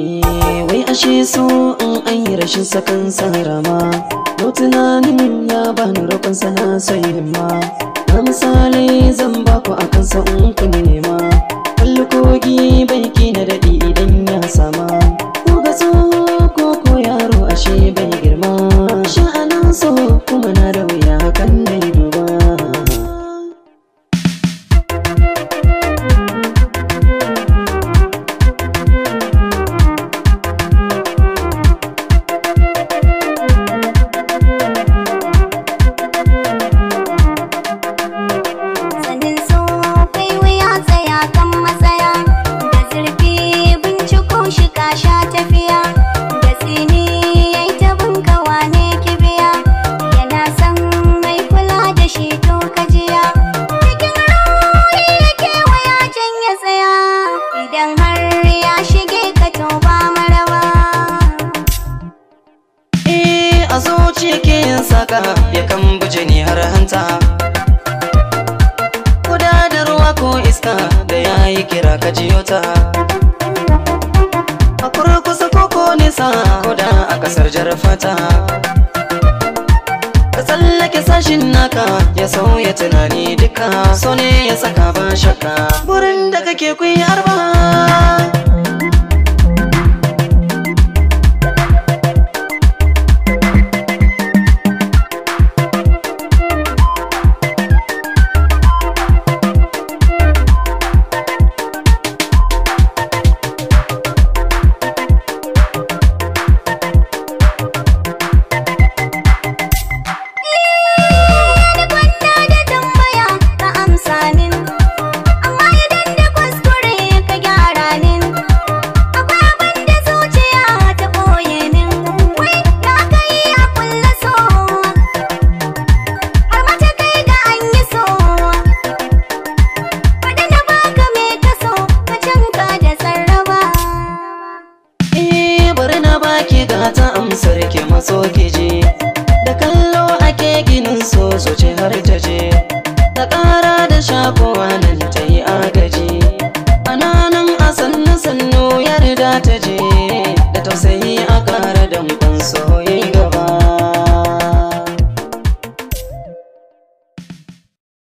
Eh, wai ashe so in an yi rashin sakan sarama yau tunanin ya bani roƙon sana son ma. na misali zan ba baku akan sa'un ku nema kalli kogi bai na daɗi idan ya sama idan har ya shige ka to ba marawa eh a zuci yin saka ya kambuje ni har hanta kuda da ruwa ko iska da yayi kira ka jiyo ta a kurkusa ko ko nisa ko da a kasar jarfata tashin naka ya sauya tunani duka so ne ya saka ba shakka burin da kake kun yi arba so kiji da kallo ake ginin so ce har ta je ta ƙara da shakowa nan ta yi agaji ananan a sannu sannu yarda ta je da tausayi a ƙara damkon so